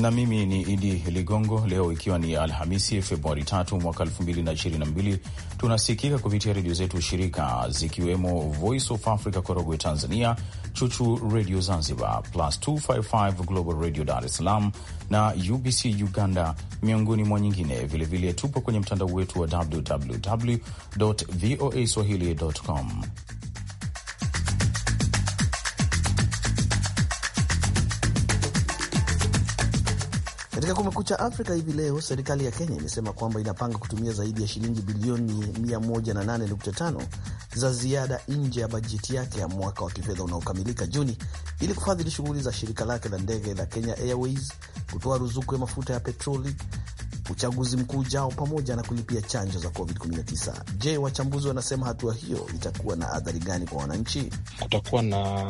na mimi ni Idi Ligongo. Leo ikiwa ni Alhamisi, Februari ta mwaka elfu tunasikika kupitia redio zetu shirika zikiwemo Voice of Africa Korogwe Tanzania, Chuchu Redio Zanzibar, Plus 255 Global Radio Dar es Salaam na UBC Uganda, miongoni mwa nyingine. Vilevile tupo kwenye mtandao wetu wa www voa swahili com. Katika Kumekucha Afrika hivi leo, serikali ya Kenya imesema kwamba inapanga kutumia zaidi ya shilingi bilioni 108.5 za ziada nje ya bajeti yake ya mwaka wa kifedha unaokamilika Juni ili kufadhili shughuli za shirika lake la ndege la Kenya Airways, kutoa ruzuku ya mafuta ya petroli uchaguzi mkuu ujao pamoja na kulipia chanjo za COVID-19. Je, wachambuzi wanasema hatua hiyo itakuwa na athari gani kwa wananchi? Kutakuwa na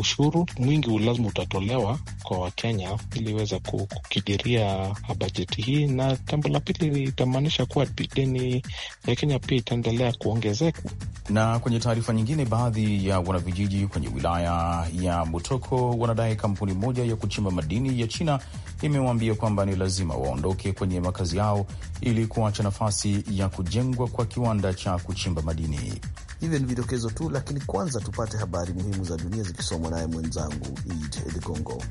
ushuru mwingi, lazima utatolewa kwa Wakenya ili iweze kukidiria bajeti hii, na jambo la pili itamaanisha kuwa deni ya Kenya pia itaendelea kuongezeka. Na kwenye taarifa nyingine, baadhi ya wanavijiji kwenye wilaya ya Mutoko wanadai kampuni moja ya kuchimba madini ya China imewaambia kwamba ni lazima waondoke kwenye makazi makazi yao ili kuacha nafasi ya kujengwa kwa kiwanda cha kuchimba madini. Hivyo ni vidokezo tu, lakini kwanza tupate habari muhimu za dunia zikisomwa naye mwenzangu Id Ligongo.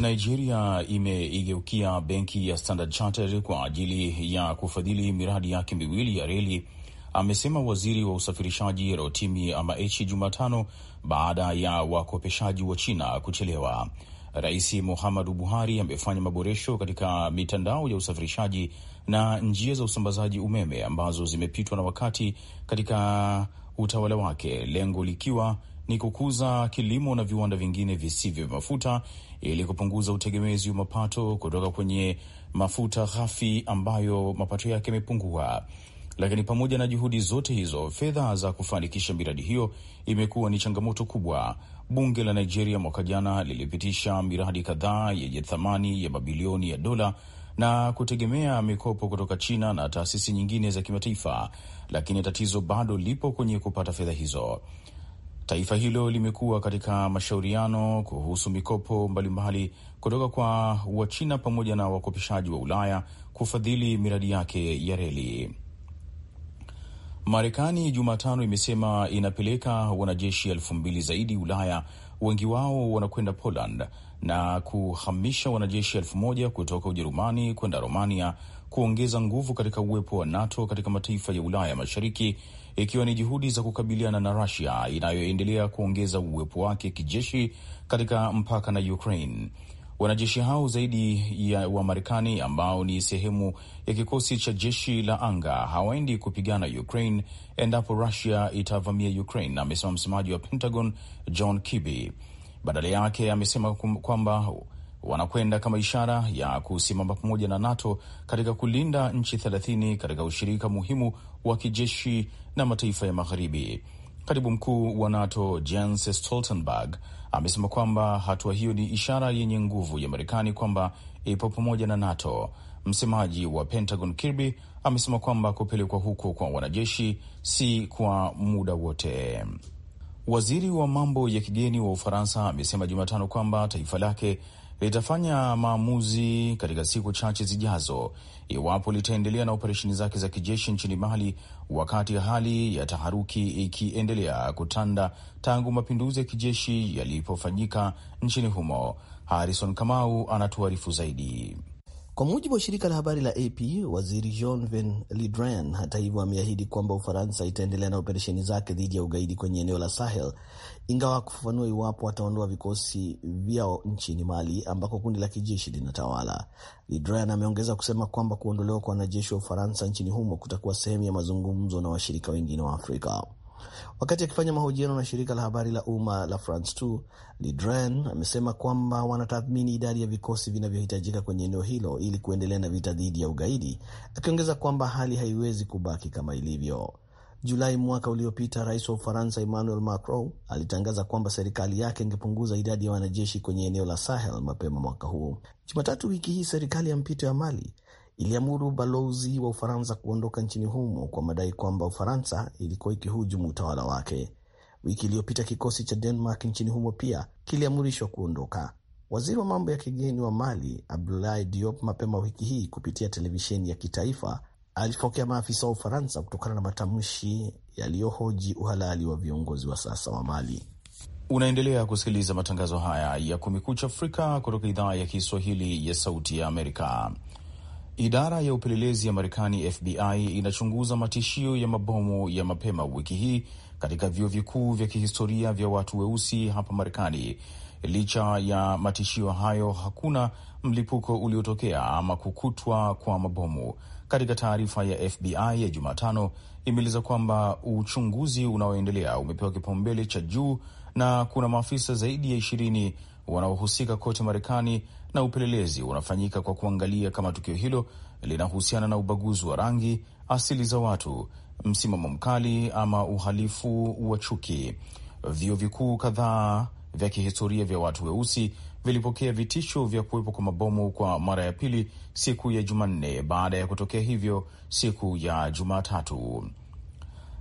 Nigeria imeigeukia benki ya Standard Chartered kwa ajili ya kufadhili miradi yake miwili ya reli amesema waziri wa usafirishaji Rotimi Amaechi Jumatano baada ya wakopeshaji wa China kuchelewa. Rais Muhammadu Buhari amefanya maboresho katika mitandao ya usafirishaji na njia za usambazaji umeme ambazo zimepitwa na wakati katika utawala wake, lengo likiwa ni kukuza kilimo na viwanda vingine visivyo vya mafuta ili kupunguza utegemezi wa mapato kutoka kwenye mafuta ghafi ambayo mapato yake yamepungua. Lakini pamoja na juhudi zote hizo, fedha za kufanikisha miradi hiyo imekuwa ni changamoto kubwa. Bunge la Nigeria mwaka jana lilipitisha miradi kadhaa yenye thamani ya mabilioni ya dola na kutegemea mikopo kutoka China na taasisi nyingine za kimataifa, lakini tatizo bado lipo kwenye kupata fedha hizo. Taifa hilo limekuwa katika mashauriano kuhusu mikopo mbalimbali kutoka kwa Wachina pamoja na wakopeshaji wa Ulaya kufadhili miradi yake ya reli. Marekani Jumatano imesema inapeleka wanajeshi elfu mbili zaidi Ulaya, wengi wao wanakwenda Poland na kuhamisha wanajeshi elfu moja kutoka Ujerumani kwenda Romania, kuongeza nguvu katika uwepo wa NATO katika mataifa ya Ulaya Mashariki, ikiwa ni juhudi za kukabiliana na Rusia inayoendelea kuongeza uwepo wake kijeshi katika mpaka na Ukraine. Wanajeshi hao zaidi ya wa Marekani ambao ni sehemu ya kikosi cha jeshi la anga hawaendi kupigana Ukraine endapo Rusia itavamia Ukraine, amesema msemaji wa Pentagon John Kirby. Badala yake amesema kwamba wanakwenda kama ishara ya kusimama pamoja na NATO katika kulinda nchi thelathini katika ushirika muhimu wa kijeshi na mataifa ya Magharibi. Katibu mkuu wa NATO Jens Stoltenberg amesema kwamba hatua hiyo ni ishara yenye nguvu ya Marekani kwamba ipo pamoja na NATO. Msemaji wa Pentagon Kirby amesema kwamba kupelekwa huko kwa wanajeshi si kwa muda wote. Waziri wa mambo ya kigeni wa Ufaransa amesema Jumatano kwamba taifa lake litafanya maamuzi katika siku chache zijazo iwapo litaendelea na operesheni zake za kijeshi nchini Mali, wakati hali ya taharuki ikiendelea kutanda tangu mapinduzi ya kijeshi yalipofanyika nchini humo. Harrison Kamau anatuarifu zaidi. Kwa mujibu wa shirika la habari la AP, waziri jean Van Le hata hivyo ameahidi kwamba Ufaransa itaendelea na operesheni zake dhidi ya ugaidi kwenye eneo la Sahel, ingawa akufafanua iwapo ataondoa vikosi vyao nchini Mali ambako kundi la kijeshi linatawala. Le ameongeza kusema kwamba kuondolewa kwa wanajeshi wa Ufaransa nchini humo kutakuwa sehemu ya mazungumzo na washirika wengine wa Afrika. Wakati akifanya mahojiano na shirika la habari la umma la France 2, Le amesema kwamba wanatathmini idadi ya vikosi vinavyohitajika kwenye eneo hilo ili kuendelea na vita dhidi ya ugaidi, akiongeza kwamba hali haiwezi kubaki kama ilivyo. Julai mwaka uliopita, rais wa Ufaransa Emmanuel Macron alitangaza kwamba serikali yake ingepunguza idadi ya wanajeshi kwenye eneo la Sahel mapema mwaka huu. Jumatatu wiki hii, serikali ya mpito ya Mali iliamuru balozi wa Ufaransa kuondoka nchini humo kwa madai kwamba Ufaransa ilikuwa ikihujumu utawala wake. Wiki iliyopita kikosi cha Denmark nchini humo pia kiliamurishwa kuondoka. Waziri wa mambo ya kigeni wa Mali Abdoulaye Diop mapema wiki hii kupitia televisheni ya kitaifa alipokea maafisa wa Ufaransa kutokana na matamshi yaliyohoji uhalali wa viongozi wa sasa wa Mali. Unaendelea kusikiliza matangazo haya ya Kumekucha Afrika kutoka idhaa ya Kiswahili ya Sauti ya Amerika. Idara ya upelelezi ya Marekani, FBI, inachunguza matishio ya mabomu ya mapema wiki hii katika vyuo vikuu vya kihistoria vya watu weusi hapa Marekani. Licha ya matishio hayo, hakuna mlipuko uliotokea ama kukutwa kwa mabomu. Katika taarifa ya FBI ya Jumatano imeeleza kwamba uchunguzi unaoendelea umepewa kipaumbele cha juu na kuna maafisa zaidi ya ishirini wanaohusika kote Marekani, na upelelezi unafanyika kwa kuangalia kama tukio hilo linahusiana na ubaguzi wa rangi, asili za watu, msimamo mkali ama uhalifu wa chuki. Vyuo vikuu kadhaa vya kihistoria vya watu weusi vilipokea vitisho vya kuwepo kwa mabomu kwa mara ya pili siku ya Jumanne baada ya kutokea hivyo siku ya Jumatatu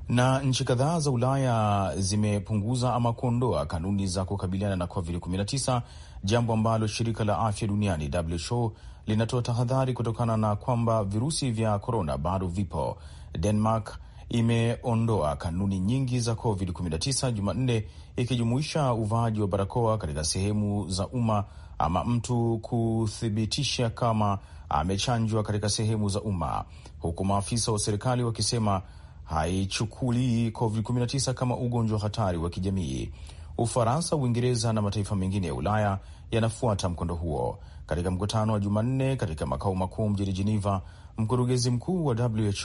na nchi kadhaa za Ulaya zimepunguza ama kuondoa kanuni za kukabiliana na COVID-19, jambo ambalo shirika la afya duniani WHO linatoa tahadhari kutokana na kwamba virusi vya korona bado vipo. Denmark imeondoa kanuni nyingi za COVID-19 Jumanne, ikijumuisha uvaaji wa barakoa katika sehemu za umma ama mtu kuthibitisha kama amechanjwa katika sehemu za umma, huku maafisa wa serikali wakisema haichukulii COVID-19 kama ugonjwa hatari wa kijamii. Ufaransa, Uingereza na mataifa mengine ya Ulaya yanafuata mkondo huo. Katika mkutano wa Jumanne katika makao makuu mjini Geneva, mkurugenzi mkuu wa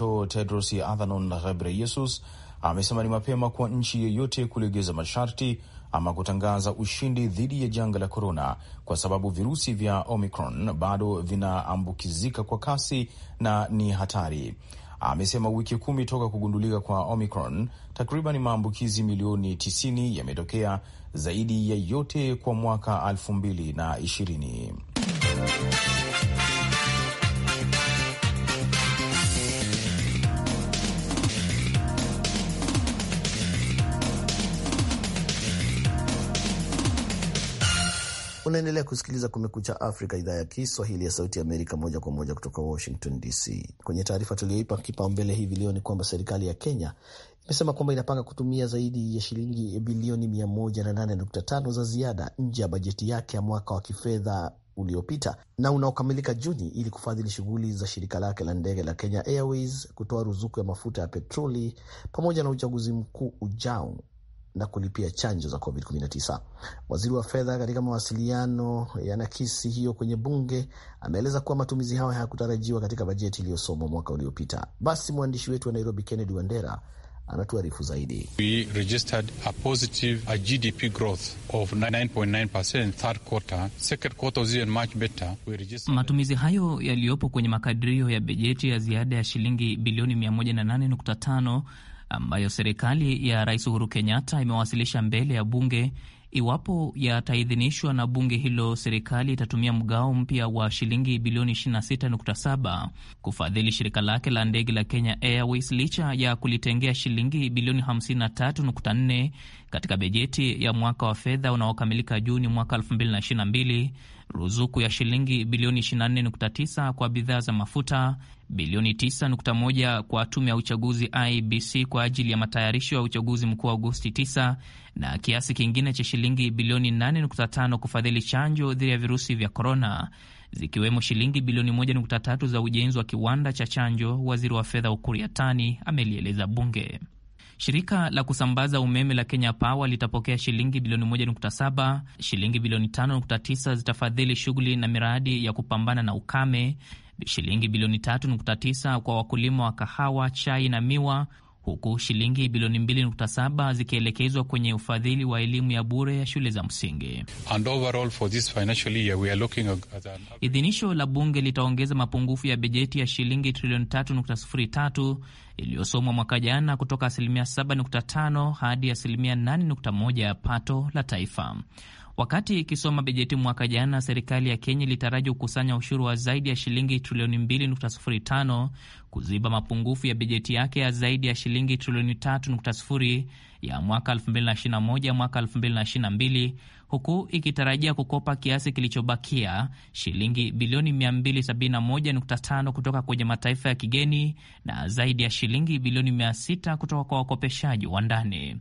WHO Tedros Adhanom Ghebreyesus amesema ni mapema kwa nchi yoyote kulegeza masharti ama kutangaza ushindi dhidi ya janga la korona, kwa sababu virusi vya Omicron bado vinaambukizika kwa kasi na ni hatari amesema wiki kumi toka kugundulika kwa Omicron, takriban maambukizi milioni 90 yametokea, zaidi ya yote kwa mwaka 2020. Unaendelea kusikiliza Kumekucha Afrika, idhaa ya Kiswahili ya Sauti ya Amerika, moja kwa moja kutoka Washington DC. Kwenye taarifa tuliyoipa kipaumbele hivi leo ni kwamba serikali ya Kenya imesema kwamba inapanga kutumia zaidi ya shilingi bilioni 108.5 za ziada nje ya bajeti yake ya mwaka wa kifedha uliopita na unaokamilika Juni ili kufadhili shughuli za shirika lake la ndege la Kenya Airways, kutoa ruzuku ya mafuta ya petroli pamoja na uchaguzi mkuu ujao na kulipia chanjo za COVID-19. Waziri wa fedha katika mawasiliano ya nakisi hiyo kwenye bunge ameeleza kuwa matumizi hayo hayakutarajiwa katika bajeti iliyosomwa mwaka uliopita. Basi mwandishi wetu wa Nairobi, Kennedy Wandera, anatuarifu zaidi. We registered a positive a GDP growth of 9.9% third quarter. Second quarter was even much better. We registered... Matumizi hayo yaliyopo kwenye makadirio ya bajeti ya ziada ya shilingi bilioni 108.5 ambayo serikali ya Rais Uhuru Kenyatta imewasilisha mbele ya bunge. Iwapo yataidhinishwa na bunge hilo, serikali itatumia mgao mpya wa shilingi bilioni 26.7 kufadhili shirika lake la ndege la Kenya Airways licha ya kulitengea shilingi bilioni 53.4 katika bajeti ya mwaka wa fedha unaokamilika Juni mwaka 2022 ruzuku ya shilingi bilioni 24.9 kwa bidhaa za mafuta, bilioni 9.1 kwa tume ya uchaguzi IBC kwa ajili ya matayarisho ya uchaguzi mkuu wa Agosti 9 na kiasi kingine cha shilingi bilioni 8.5 kufadhili chanjo dhidi ya virusi vya korona zikiwemo shilingi bilioni 1.3 za ujenzi wa kiwanda cha chanjo. Waziri wa fedha Ukur Yatani amelieleza bunge. Shirika la kusambaza umeme la Kenya Power litapokea shilingi bilioni 1.7. Shilingi bilioni 5.9 zitafadhili shughuli na miradi ya kupambana na ukame, shilingi bilioni 3.9 kwa wakulima wa kahawa, chai na miwa huku shilingi bilioni 2.7 zikielekezwa kwenye ufadhili wa elimu ya bure ya shule za msingi. Idhinisho la bunge litaongeza mapungufu ya bajeti ya shilingi trilioni 3.03 iliyosomwa mwaka jana kutoka asilimia 7.5 hadi asilimia 8.1 ya pato la taifa. Wakati ikisoma bajeti mwaka jana, serikali ya Kenya ilitaraji kukusanya ushuru wa zaidi ya shilingi trilioni 2.05 kuziba mapungufu ya bajeti yake ya zaidi ya shilingi trilioni 3.0 ya mwaka 2021 mwaka 2022 huku ikitarajia kukopa kiasi kilichobakia shilingi bilioni 271.5 kutoka kwenye mataifa ya kigeni na zaidi ya shilingi bilioni 600 kutoka kwa wakopeshaji wa ndani.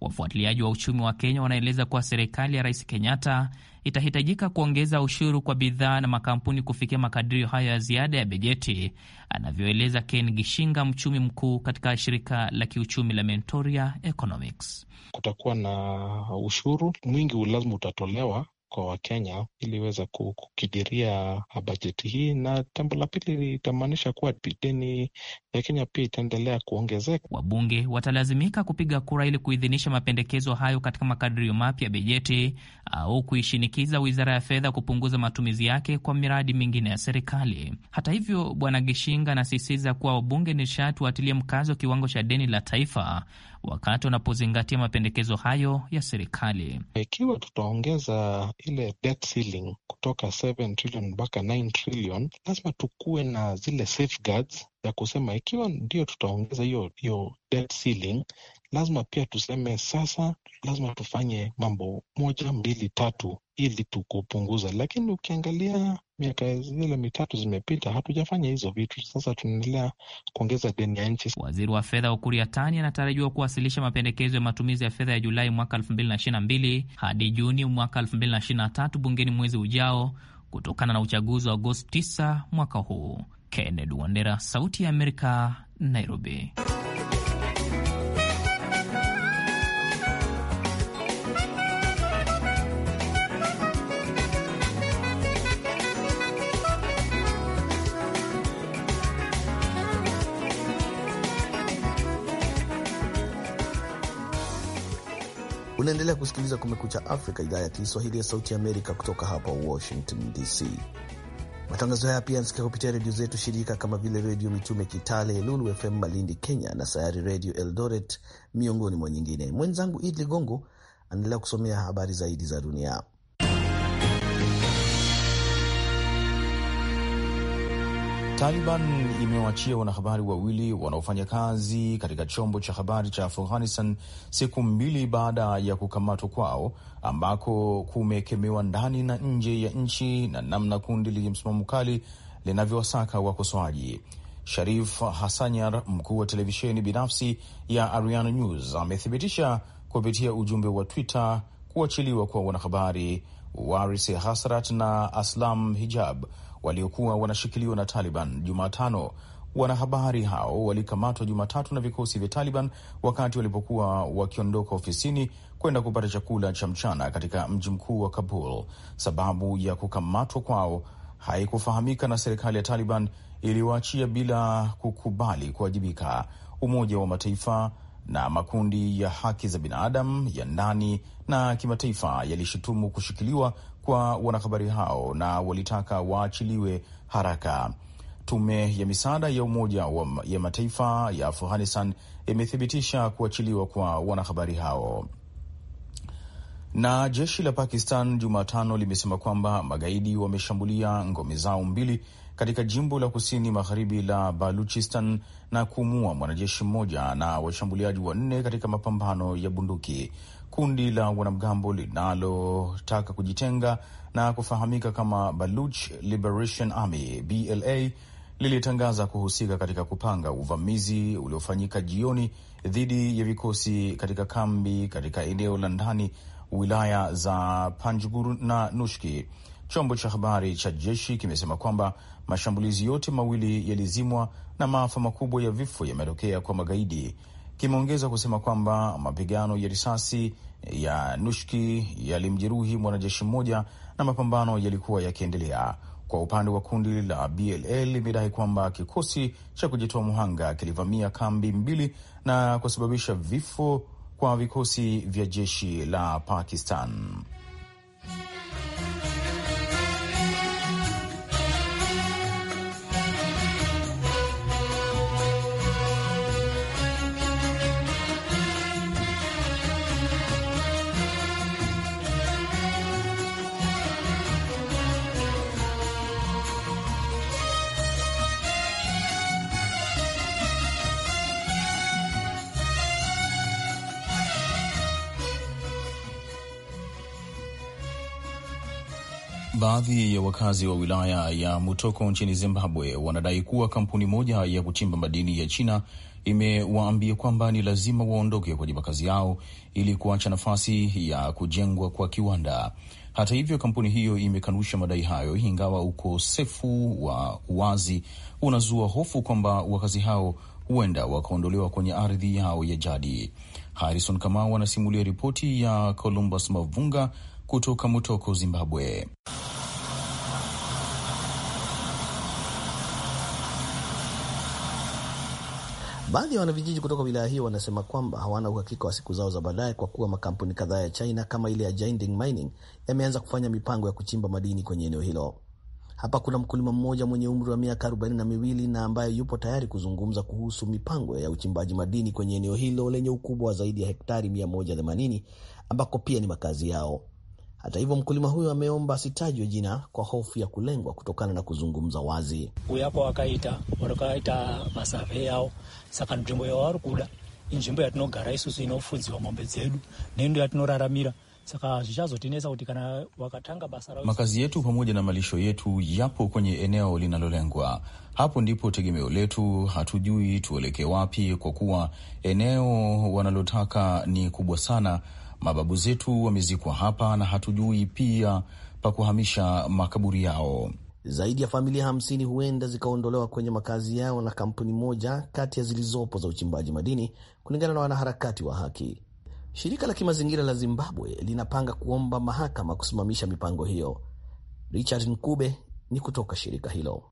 Wafuatiliaji wa uchumi wa Kenya wanaeleza kuwa serikali ya Rais Kenyatta itahitajika kuongeza ushuru kwa bidhaa na makampuni kufikia makadirio hayo ya ziada ya bajeti, anavyoeleza Ken Gishinga, mchumi mkuu katika shirika la kiuchumi la Mentoria Economics kutakuwa na ushuru mwingi lazima utatolewa kwa Wakenya ili iweze kukidiria bajeti hii, na jambo la pili litamaanisha kuwa deni ya Kenya pia itaendelea kuongezeka. Wabunge watalazimika kupiga kura ili kuidhinisha mapendekezo hayo katika makadirio mapya ya bajeti au kuishinikiza wizara ya fedha kupunguza matumizi yake kwa miradi mingine ya serikali. Hata hivyo, Bwana Gishinga anasisitiza kuwa wabunge ni sharti watilie mkazo wa kiwango cha deni la taifa wakati wanapozingatia mapendekezo hayo ya serikali. Ikiwa tutaongeza ile debt ceiling kutoka 7 trillion mpaka 9 trillion, lazima tukuwe na zile safeguards ya kusema ikiwa ndio tutaongeza hiyo hiyo debt ceiling, lazima pia tuseme sasa, lazima tufanye mambo moja mbili tatu ili tukupunguza. Lakini ukiangalia miaka zile mitatu zimepita, hatujafanya hizo vitu. Sasa tunaendelea kuongeza deni ya nchi. Waziri wa fedha Ukur Yatani anatarajiwa kuwasilisha mapendekezo ya matumizi ya fedha ya Julai mwaka 2022 hadi Juni mwaka 2023 bungeni mwezi ujao kutokana na uchaguzi wa Agosti 9 mwaka huu. Kennedy Wandera, Sauti ya Amerika, Nairobi. Unaendelea kusikiliza Kumekucha Afrika, idhaa ya Kiswahili ya Sauti Amerika kutoka hapa Washington DC. Matangazo haya pia yanasikia kupitia redio zetu shirika kama vile Redio Mitume Kitale, Lulu FM Malindi Kenya na Sayari Redio Eldoret, miongoni mwa nyingine. Mwenzangu id Ligongo anaendelea kusomea habari zaidi za dunia. Taliban imewachia wanahabari wawili wanaofanya kazi katika chombo cha habari cha Afghanistan siku mbili baada ya kukamatwa kwao, ambako kumekemewa ndani na nje ya nchi na namna kundi lenye msimamo mkali linavyowasaka wakosoaji. Sharif Hasanyar, mkuu wa televisheni binafsi ya Ariana News, amethibitisha kupitia ujumbe wa Twitter kuachiliwa kwa wanahabari Waris Hasrat na Aslam Hijab waliokuwa wanashikiliwa na Taliban Jumatano. Wanahabari hao walikamatwa Jumatatu na vikosi vya Taliban wakati walipokuwa wakiondoka ofisini kwenda kupata chakula cha mchana katika mji mkuu wa Kabul. Sababu ya kukamatwa kwao haikufahamika na serikali ya Taliban iliwaachia bila kukubali kuwajibika. Umoja wa Mataifa na makundi ya haki za binadamu ya ndani na kimataifa yalishutumu kushikiliwa kwa wanahabari hao na walitaka waachiliwe haraka. Tume ya misaada ya Umoja wa ya Mataifa ya Afghanistan imethibitisha kuachiliwa kwa wanahabari hao. Na jeshi la Pakistan Jumatano limesema kwamba magaidi wameshambulia ngome zao mbili katika jimbo la kusini magharibi la Baluchistan na kuumua mwanajeshi mmoja na washambuliaji wanne katika mapambano ya bunduki kundi la wanamgambo linalotaka kujitenga na kufahamika kama Baluch Liberation Army BLA lilitangaza kuhusika katika kupanga uvamizi uliofanyika jioni dhidi ya vikosi katika kambi katika eneo la ndani wilaya za Panjgur na Nushki. Chombo cha habari cha jeshi kimesema kwamba mashambulizi yote mawili yalizimwa na maafa makubwa ya vifo yametokea kwa magaidi kimeongeza kusema kwamba mapigano ya risasi ya nushki yalimjeruhi mwanajeshi mmoja na mapambano yalikuwa yakiendelea. Kwa upande wa kundi la BLL limedai kwamba kikosi cha kujitoa muhanga kilivamia kambi mbili na kusababisha vifo kwa vikosi vya jeshi la Pakistan. Baadhi ya wakazi wa wilaya ya Mutoko nchini Zimbabwe wanadai kuwa kampuni moja ya kuchimba madini ya China imewaambia kwamba ni lazima waondoke kwenye makazi yao ili kuacha nafasi ya kujengwa kwa kiwanda. Hata hivyo, kampuni hiyo imekanusha madai hayo, ingawa ukosefu wa uwazi unazua hofu kwamba wakazi hao huenda wakaondolewa kwenye ardhi yao ya jadi. Harrison Kamau anasimulia ripoti ya Columbus Mavunga kutoka Mutoko, Zimbabwe. Baadhi ya wanavijiji kutoka wilaya hiyo wanasema kwamba hawana uhakika wa siku zao za baadaye kwa kuwa makampuni kadhaa ya China kama ile ya Jinding Mining yameanza kufanya mipango ya kuchimba madini kwenye eneo hilo. Hapa kuna mkulima mmoja mwenye umri wa miaka arobaini na miwili na ambaye yupo tayari kuzungumza kuhusu mipango ya uchimbaji madini kwenye eneo hilo lenye ukubwa wa zaidi ya hektari 180 ambako pia ni makazi yao. Hata hivyo, mkulima huyo ameomba asitajwe jina kwa hofu ya kulengwa kutokana na kuzungumza wazi. kuyapo wakaita wakaita masafe yao saka nzvimbo yawarikuda inzvimbo yatinogara isusu inofudziwa mombe dzedu nendo yatinoraramira Saka zvichazotinesa kuti kana wakatanga basa rao. Makazi yetu pamoja na malisho yetu yapo kwenye eneo linalolengwa. Hapo ndipo tegemeo letu, hatujui tuelekee wapi, kwa kuwa eneo wanalotaka ni kubwa sana Mababu zetu wamezikwa hapa na hatujui pia pa kuhamisha makaburi yao. Zaidi ya familia hamsini huenda zikaondolewa kwenye makazi yao na kampuni moja kati ya zilizopo za uchimbaji madini, kulingana na wanaharakati wa haki. Shirika la kimazingira la Zimbabwe linapanga kuomba mahakama kusimamisha mipango hiyo. Richard Nkube ni kutoka shirika hilo.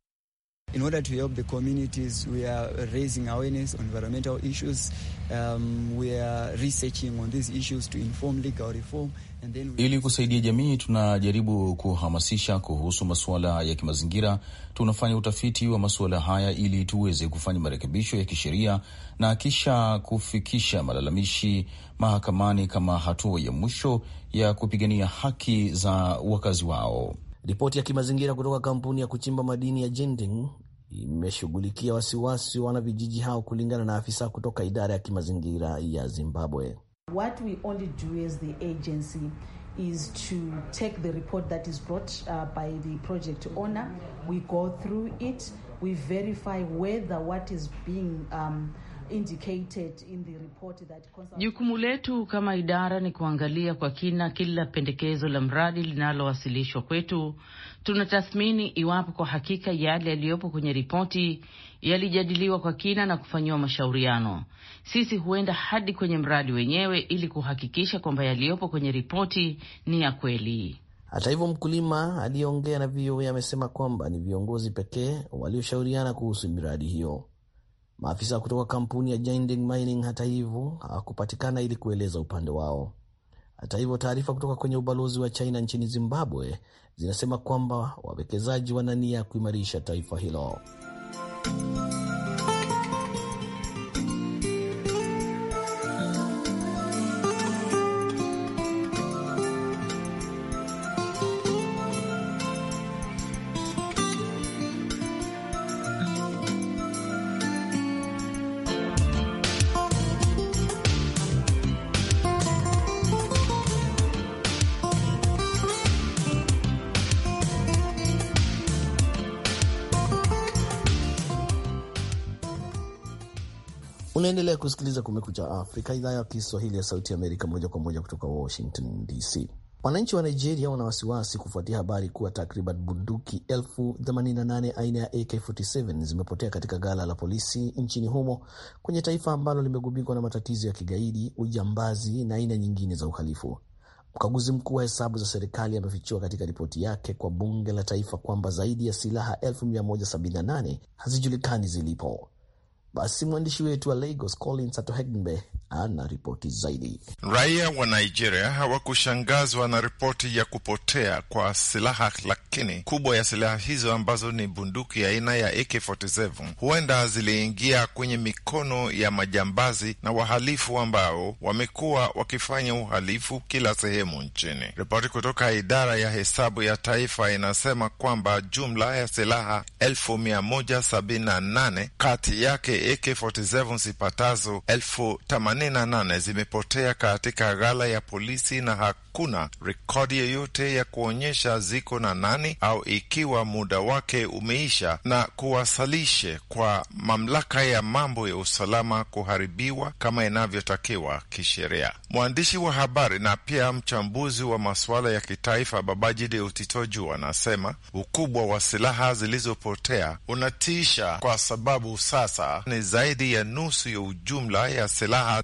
In order to help the communities, we are raising awareness on environmental issues. Um, we are researching on these issues to inform legal reform. And then we... Ili kusaidia jamii tunajaribu kuhamasisha kuhusu masuala ya kimazingira. Tunafanya utafiti wa masuala haya ili tuweze kufanya marekebisho ya kisheria na kisha kufikisha malalamishi mahakamani kama hatua ya mwisho ya kupigania haki za wakazi wao. Ripoti ya kimazingira kutoka kampuni ya kuchimba madini ya jending imeshughulikia wasiwasi wa wanavijiji hao, kulingana na afisa kutoka idara ya kimazingira ya Zimbabwe. What we only do as the agency is to take the report that is brought uh, by the project owner. We go through it. We verify whether what is being um, Jukumu letu kama idara ni kuangalia kwa kina kila pendekezo la mradi linalowasilishwa kwetu. Tunatathmini iwapo kwa hakika yale yaliyopo kwenye ripoti yalijadiliwa kwa kina na kufanyiwa mashauriano. Sisi huenda hadi kwenye mradi wenyewe ili kuhakikisha kwamba yaliyopo kwenye ripoti ni ya kweli. Hata hivyo, mkulima aliyeongea na VOA amesema kwamba ni viongozi pekee walioshauriana kuhusu miradi hiyo. Maafisa kutoka kampuni ya Jinding Mining hata hivyo hawakupatikana ili kueleza upande wao. Hata hivyo, taarifa kutoka kwenye ubalozi wa China nchini Zimbabwe zinasema kwamba wawekezaji wana nia ya kuimarisha taifa hilo. Unaendelea kusikiliza Kumekucha Afrika, idhaa ya Kiswahili ya Sauti Amerika, moja kwa moja kutoka Washington DC. Wananchi wa Nigeria wana wasiwasi kufuatia habari kuwa takriban bunduki elfu 88 aina ya AK47 zimepotea katika ghala la polisi nchini humo, kwenye taifa ambalo limegubikwa na matatizo ya kigaidi, ujambazi na aina nyingine za uhalifu. Mkaguzi mkuu wa hesabu za serikali amefichua katika ripoti yake kwa bunge la taifa kwamba zaidi ya silaha 178 hazijulikani zilipo. Basi mwandishi wetu wa Lagos Collins Atohengbe ana ripoti zaidi. Raia wa Nigeria hawakushangazwa na ripoti ya kupotea kwa silaha, lakini kubwa ya silaha hizo ambazo ni bunduki aina ya, ya AK47 huenda ziliingia kwenye mikono ya majambazi na wahalifu ambao wamekuwa wakifanya uhalifu kila sehemu nchini. Ripoti kutoka idara ya hesabu ya taifa inasema kwamba jumla ya silaha 178 kati yake AK47 zipatazo na nane zimepotea katika ghala ya polisi na hakuna rekodi yoyote ya kuonyesha ziko na nani au ikiwa muda wake umeisha, na kuwasalishe kwa mamlaka ya mambo ya usalama kuharibiwa kama inavyotakiwa kisheria. Mwandishi wa habari na pia mchambuzi wa masuala ya kitaifa Babajide Utitoju anasema ukubwa wa silaha zilizopotea unatisha, kwa sababu sasa ni zaidi ya nusu ya ujumla ya silaha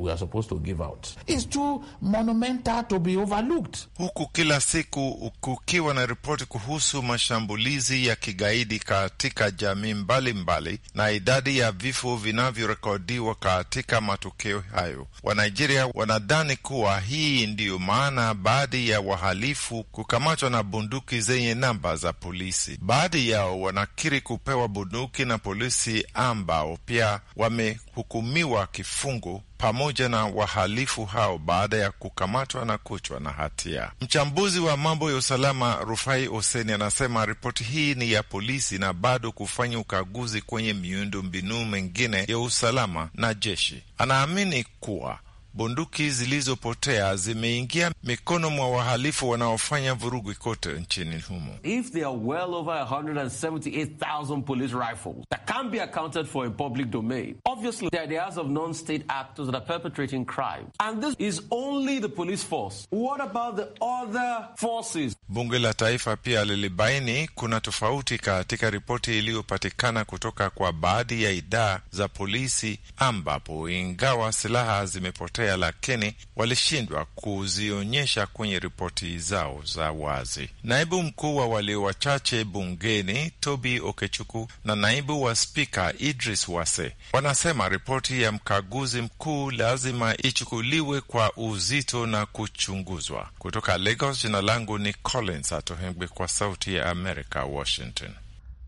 we are supposed to give out is too monumental to be overlooked, huku kila siku kukiwa na ripoti kuhusu mashambulizi ya kigaidi katika jamii mbalimbali na idadi ya vifo vinavyorekodiwa katika matukio hayo. Wanigeria wanadhani kuwa hii ndiyo maana baadhi ya wahalifu kukamatwa na bunduki zenye namba za polisi. Baadhi yao wanakiri kupewa bunduki na polisi ambao pia wamehukumiwa kifungo pamoja na wahalifu hao baada ya kukamatwa na kuchwa na hatia. Mchambuzi wa mambo ya usalama Rufai oseni anasema ripoti hii ni ya polisi na bado kufanya ukaguzi kwenye miundo mbinu mengine ya usalama na jeshi. Anaamini kuwa bunduki zilizopotea zimeingia mikono mwa wahalifu wanaofanya vurugu kote nchini humo. If there are well over 178,000 police rifles that can be accounted for in public domain, obviously the of non-state actors that are perpetrating crime. And this is only the police force. What about the other forces? Bunge la Taifa pia lilibaini kuna tofauti katika ripoti iliyopatikana kutoka kwa baadhi ya idara za polisi ambapo ingawa silaha zimepotea kutetea, lakini walishindwa kuzionyesha kwenye ripoti zao za wazi. Naibu mkuu wa walio wachache bungeni Toby Okechuku na naibu wa spika Idris Wase wanasema ripoti ya mkaguzi mkuu lazima ichukuliwe kwa uzito na kuchunguzwa. Kutoka Lagos, jina langu ni Collins Atohengwi kwa Sauti ya Amerika, Washington.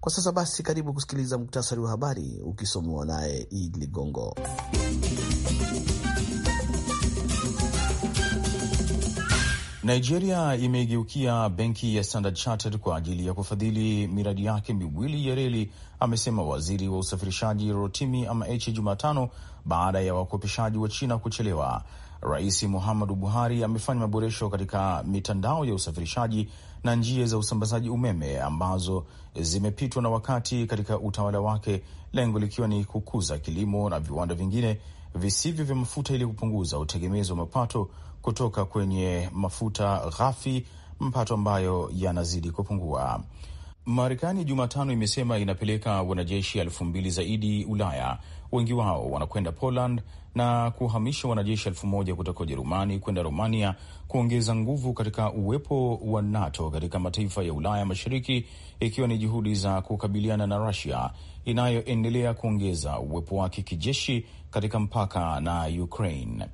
Kwa sasa basi, karibu kusikiliza muktasari wa habari ukisomewa naye Id Ligongo. Nigeria imeigeukia benki ya Standard Chartered kwa ajili ya kufadhili miradi yake miwili ya reli, amesema waziri wa usafirishaji Rotimi H Jumatano baada ya wakopeshaji wa China kuchelewa. Rais Muhammadu Buhari amefanya maboresho katika mitandao ya usafirishaji na njia za usambazaji umeme ambazo zimepitwa na wakati katika utawala wake, lengo likiwa ni kukuza kilimo na viwanda vingine visivyo vya mafuta ili kupunguza utegemezi wa mapato kutoka kwenye mafuta ghafi, mapato ambayo yanazidi kupungua. Marekani Jumatano imesema inapeleka wanajeshi elfu mbili zaidi Ulaya wengi wao wanakwenda Poland na kuhamisha wanajeshi elfu moja kutoka Ujerumani kwenda Romania, kuongeza nguvu katika uwepo wa NATO katika mataifa ya Ulaya Mashariki, ikiwa ni juhudi za kukabiliana na Rusia inayoendelea kuongeza uwepo wake kijeshi katika mpaka na Ukraine.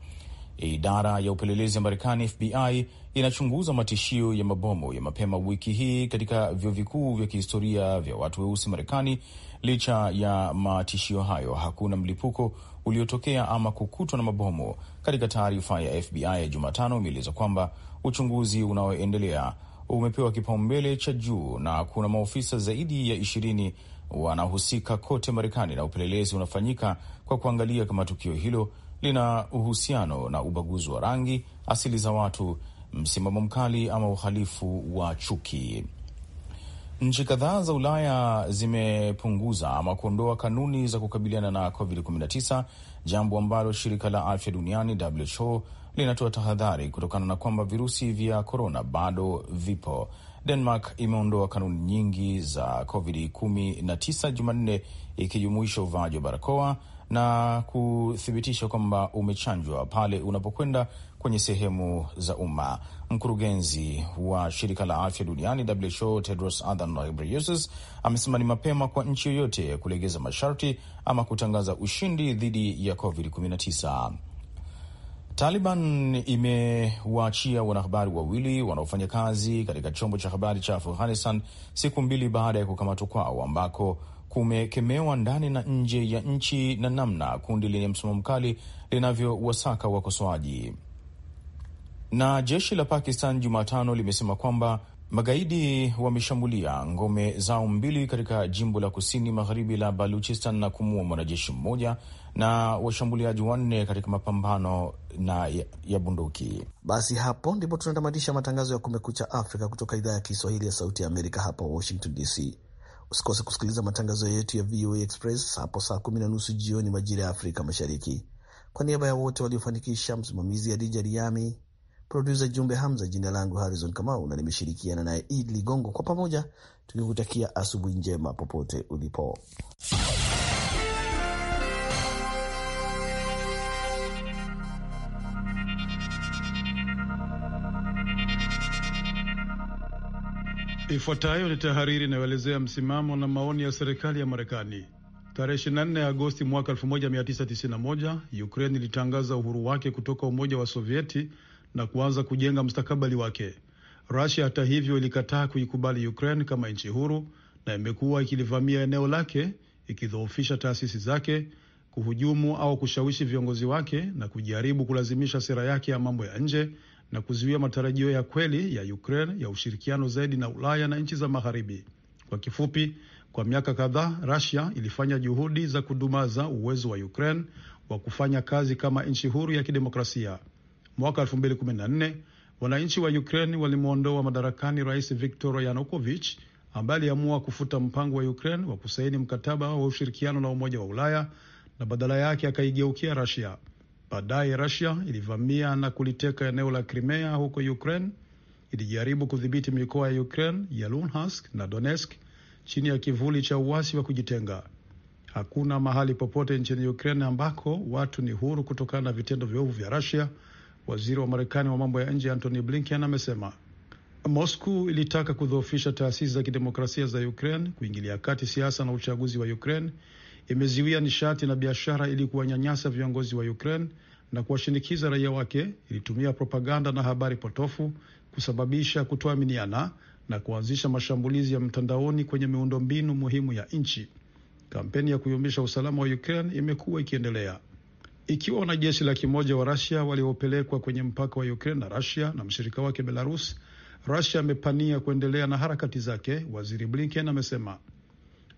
Idara ya upelelezi ya Marekani, FBI, inachunguza matishio ya mabomu ya mapema wiki hii katika vyuo vikuu vya kihistoria vya watu weusi Marekani Licha ya matishio hayo, hakuna mlipuko uliotokea ama kukutwa na mabomu. Katika taarifa ya FBI ya Jumatano imeeleza kwamba uchunguzi unaoendelea umepewa kipaumbele cha juu na kuna maofisa zaidi ya ishirini wanahusika kote Marekani, na upelelezi unafanyika kwa kuangalia kama tukio hilo lina uhusiano na ubaguzi wa rangi, asili za watu, msimamo mkali ama uhalifu wa chuki. Nchi kadhaa za Ulaya zimepunguza ama kuondoa kanuni za kukabiliana na COVID-19, jambo ambalo shirika la afya duniani WHO linatoa tahadhari kutokana na kwamba virusi vya korona bado vipo. Denmark imeondoa kanuni nyingi za COVID-19 Jumanne, ikijumuisha uvaaji wa barakoa na kuthibitisha kwamba umechanjwa pale unapokwenda kwenye sehemu za umma. Mkurugenzi wa shirika la afya duniani WHO Tedros Adhanom Ghebreyesus amesema ni mapema kwa nchi yoyote kulegeza masharti ama kutangaza ushindi dhidi ya COVID-19. Taliban imewaachia wanahabari wawili wanaofanya kazi katika chombo cha habari cha Afghanistan siku mbili baada ya kukamatwa kwao, ambako kumekemewa ndani na nje ya nchi na namna kundi lenye msimamo mkali linavyowasaka wakosoaji. Na jeshi la Pakistan Jumatano limesema kwamba magaidi wameshambulia ngome zao mbili katika jimbo la kusini magharibi la Baluchistan na kumuua mwanajeshi mmoja na washambuliaji wanne katika mapambano na ya bunduki. Basi hapo ndipo tunatamatisha matangazo ya Kumekucha Afrika kutoka idhaa ya Kiswahili ya Sauti ya Amerika hapa Washington DC. Usikose kusikiliza matangazo yetu ya VOA Express hapo saa kumi na nusu jioni majira ya Afrika Mashariki. Kwa niaba ya wote waliofanikisha, msimamizi Adija Riami, Produsa Jumbe Hamza, jina langu Harrison Kamau na nimeshirikiana naye Id Ligongo, kwa pamoja tukikutakia asubuhi njema popote ulipo. Ifuatayo ni tahariri inayoelezea msimamo na maoni ya serikali ya Marekani. Tarehe 24 Agosti mwaka 1991 Ukraine ilitangaza uhuru wake kutoka Umoja wa Sovieti na kuanza kujenga mustakabali wake. Rusia hata hivyo ilikataa kuikubali Ukraine kama nchi huru na imekuwa ikilivamia eneo lake, ikidhoofisha taasisi zake, kuhujumu au kushawishi viongozi wake na kujaribu kulazimisha sera yake ya mambo ya nje na kuzuia matarajio ya kweli ya Ukraine ya ushirikiano zaidi na Ulaya na nchi za Magharibi. Kwa kifupi, kwa miaka kadhaa Rusia ilifanya juhudi za kudumaza uwezo wa Ukraine wa kufanya kazi kama nchi huru ya kidemokrasia. Mwaka 2014 wananchi wa Ukraine walimwondoa madarakani Rais Viktor Yanukovych ambaye aliamua kufuta mpango wa Ukraine wa kusaini mkataba wa ushirikiano na Umoja wa Ulaya na badala yake akaigeukia Russia. Baadaye Russia ilivamia na kuliteka eneo la Crimea huko Ukraine. Ilijaribu kudhibiti mikoa ya Ukraine ya Luhansk na Donetsk chini ya kivuli cha uasi wa kujitenga. Hakuna mahali popote nchini Ukraine ambako watu ni huru kutokana na vitendo viovu vya Russia Waziri wa Marekani wa mambo ya nje Antony Blinken amesema Moscow ilitaka kudhoofisha taasisi za kidemokrasia za Ukraine, kuingilia kati siasa na uchaguzi wa Ukraine, imeziwia nishati na biashara ili kuwanyanyasa viongozi wa Ukraine na kuwashinikiza raia wake, ilitumia propaganda na habari potofu kusababisha kutoaminiana na kuanzisha mashambulizi ya mtandaoni kwenye miundombinu muhimu ya nchi. Kampeni ya kuyumbisha usalama wa Ukraine imekuwa ikiendelea ikiwa wanajeshi laki moja wa Rasia waliopelekwa kwenye mpaka wa Ukraine na Rasia na mshirika wake Belarus. Rasia amepania kuendelea na harakati zake, waziri Blinken amesema.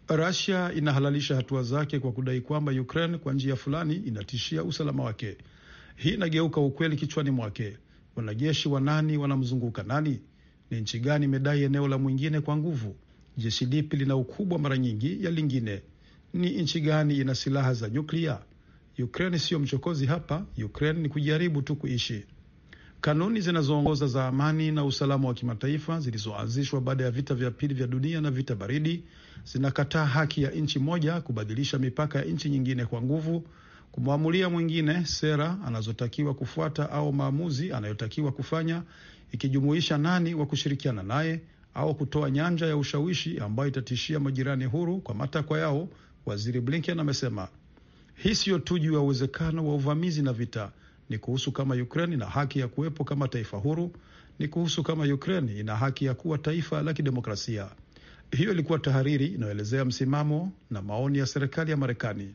Rasia inahalalisha hatua zake kwa kudai kwamba Ukraine kwa njia fulani inatishia usalama wake. Hii inageuka ukweli kichwani mwake. Wanajeshi wa nani wanamzunguka nani? Ni nchi gani imedai eneo la mwingine kwa nguvu? Jeshi lipi lina ukubwa mara nyingi ya lingine? Ni nchi gani ina silaha za nyuklia? Ukraine siyo mchokozi hapa, Ukraine ni kujaribu tu kuishi. Kanuni zinazoongoza za amani na usalama wa kimataifa zilizoanzishwa baada ya vita vya pili vya dunia na vita baridi zinakataa haki ya nchi moja kubadilisha mipaka ya nchi nyingine kwa nguvu, kumwamulia mwingine sera anazotakiwa kufuata au maamuzi anayotakiwa kufanya, ikijumuisha nani wa kushirikiana naye au kutoa nyanja ya ushawishi ambayo itatishia majirani huru kwa matakwa yao, Waziri Blinken amesema. Hii siyo tu juu ya uwezekano wa uvamizi na vita, ni kuhusu kama Ukraine ina haki ya kuwepo kama taifa huru, ni kuhusu kama Ukraine ina haki ya kuwa taifa la kidemokrasia. Hiyo ilikuwa tahariri inayoelezea msimamo na maoni ya serikali ya Marekani.